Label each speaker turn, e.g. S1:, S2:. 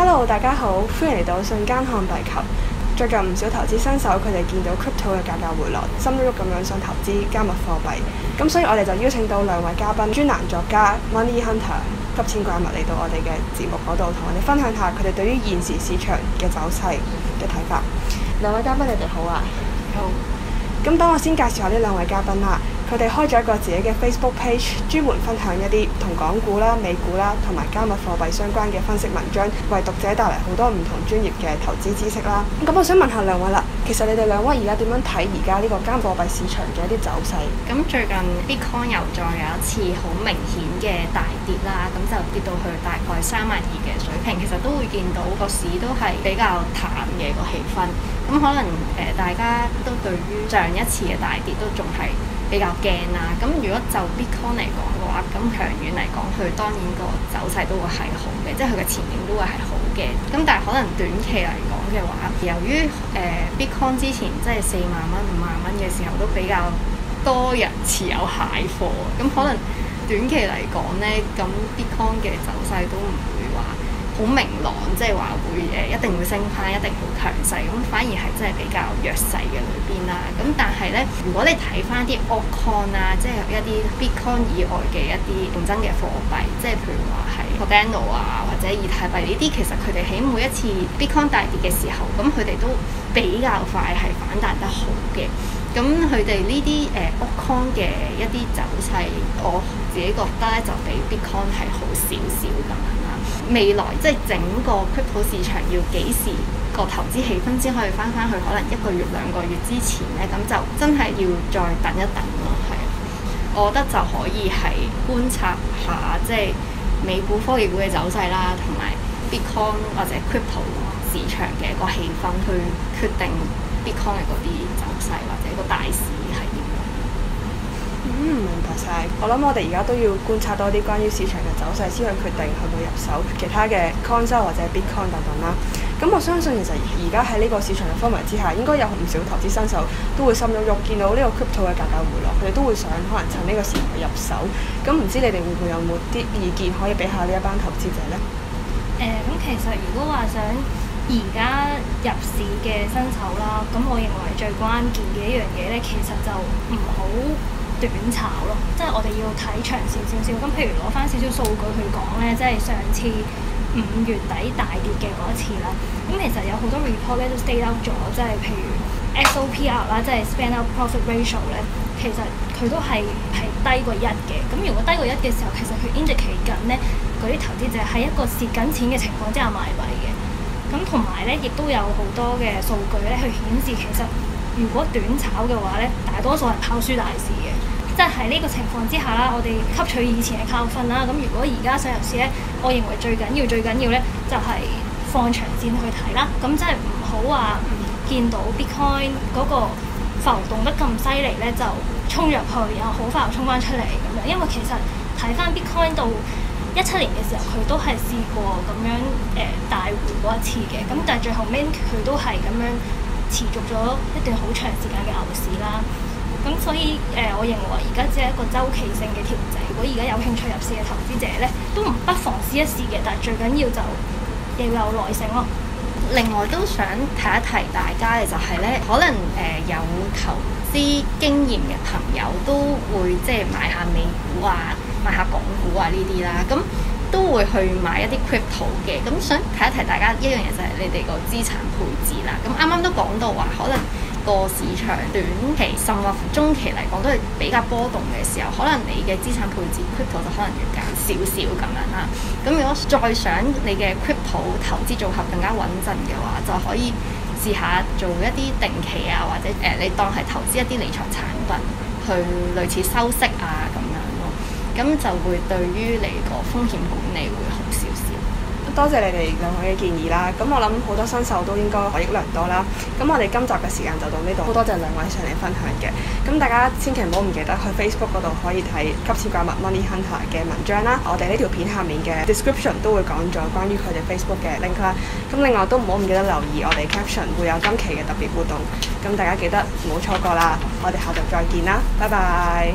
S1: Hello，大家好，歡迎嚟到《瞬間看地球》。最近唔少投資新手，佢哋見到 crypto 嘅價格回落，心喐喐咁樣想投資加密貨幣。咁所以我哋就邀請到兩位嘉賓，專欄作家 Money Hunter、急錢怪物嚟到我哋嘅節目嗰度，同我哋分享下佢哋對於現時市場嘅走勢嘅睇法。兩位嘉賓，你哋好啊。好。咁等我先介紹下呢兩位嘉賓啦。佢哋開咗一個自己嘅 Facebook page，專門分享一啲同港股啦、美股啦，同埋加密貨幣相關嘅分析文章，為讀者帶嚟好多唔同專業嘅投資知識啦。咁我想問,問下
S2: 兩位啦，其實你哋兩位而家點樣睇而家呢個加密貨幣
S1: 市場嘅一啲走勢？咁、
S2: 嗯、最近 Bitcoin 又再有一次好明顯嘅大跌啦，咁就跌到去大概三萬二嘅水平，其實都會見到個市都係比較淡嘅、個氣氛。咁可能誒，大家都對於上一次嘅大跌都仲係。比較驚啦，咁如果就 Bitcoin 嚟講嘅話，咁長遠嚟講，佢當然個走勢都會係好嘅，即係佢嘅前景都會係好嘅。咁但係可能短期嚟講嘅話，由於誒、呃、Bitcoin 之前即係四萬蚊、五萬蚊嘅時候都比較多人持有蟹貨，咁可能短期嚟講呢，咁 Bitcoin 嘅走勢都唔會話。好明朗，即係話會誒，一定會升翻，一定好強勢。咁反而係真係比較弱勢嘅裏邊啦。咁但係咧，如果你睇翻啲 Altcoin 啊，即係一啲 Bitcoin 以外嘅一啲競爭嘅貨幣，即係譬如話係 Cardano 啊，或者以太幣呢啲，其實佢哋喺每一次 Bitcoin 大跌嘅時候，咁佢哋都比較快係反彈得好嘅。咁佢哋呢啲誒 Altcoin 嘅一啲走勢，我自己覺得咧就比 Bitcoin 係好少少咁樣啦。未來即係、就是、整個 Crypto 市場要幾時個投資氣氛先可以翻翻去？可能一個月兩個月之前咧，咁就真係要再等一等咯。係，我覺得就可以係觀察下即係、就是、美股科技股嘅走勢啦，同埋 Bitcoin 或者 Crypto 市場嘅一個氣氛去決定 Bitcoin 嗰啲走勢或者個大市。
S1: 嗯，明白晒。我諗我哋而家都要觀察多啲關於市場嘅走勢，先去決定去唔去入手其他嘅 Coin 或者 Bitcoin 等等啦。咁我相信其實而家喺呢個市場嘅氛圍之下，應該有唔少投資新手都會心喐喐，見到呢個 Crypto 嘅價格回落，佢哋都會想可能趁呢個時機入手。咁唔知你哋會唔會有冇啲意見可以俾下呢一班投資者呢？誒、嗯，
S3: 咁其實如果話想而家入市嘅新手啦，咁我認為最關鍵嘅一樣嘢咧，其實就唔好。短炒咯，即係我哋要睇長線少少。咁譬如攞翻少少數據去講咧，即係上次五月底大跌嘅嗰一次啦。咁其實有好多 report 咧都 state out 咗，即係譬如 SOPR 啦，即係 span out profit ratio 咧，其實佢都係係低過一嘅。咁如果低過一嘅時候，其實佢 indicate 緊咧，嗰啲投資者喺一個蝕緊錢嘅情況之下賣幣嘅。咁同埋咧，亦都有好多嘅數據咧去顯示，其實。如果短炒嘅話呢，大多數係跑輸大市嘅，即係喺呢個情況之下啦，我哋吸取以前嘅教訓啦，咁如果而家想入市呢，我認為最緊要、最緊要呢，就係放長線去睇啦，咁即係唔好話見到 Bitcoin 嗰個浮動得咁犀利呢，就衝入去，然後好快又衝翻出嚟咁樣，因為其實睇翻 Bitcoin 到一七年嘅時候，佢都係試過咁樣誒、呃、大回嗰一次嘅，咁但係最後尾佢都係咁樣。持續咗一段好長時間嘅牛市啦，咁所以誒、呃，我認為而家只係一個周期性嘅調整。如果而家有興趣入市嘅投資者咧，都不妨試一試嘅。但係最緊要就要有耐性咯。另外都想提一提大家
S2: 嘅就係、是、咧，可能誒、呃、有投資經驗嘅朋友都會即係買下美股啊，買下港股啊呢啲啦咁。都會去買一啲 crypto 嘅，咁想提一提大家一樣嘢就係你哋個資產配置啦。咁啱啱都講到話，可能個市場短期甚至中期嚟講都係比較波動嘅時候，可能你嘅資產配置 crypto 就可能要減少少咁樣啦。咁如果再想你嘅 crypto 投資組合更加穩陣嘅話，就可以試下做一啲定期啊，或者誒、呃、你當係投資一啲理財產品去類似收息啊咁樣。咁就會對於你個風險管理會好少
S1: 少。多謝你哋兩位嘅建議啦。咁我諗好多新手都應該獲益良多啦。咁我哋今集嘅時間就到呢度，好多謝兩位上嚟分享嘅。咁大家千祈唔好唔記得去 Facebook 嗰度可以睇急切怪物 Money Hunter 嘅文章啦。我哋呢條片下面嘅 description 都會講咗關於佢哋 Facebook 嘅 link 啦。咁另外都唔好唔記得留意我哋 caption 會有今期嘅特別活動。咁大家記得唔好錯過啦。我哋下集再見啦，拜拜。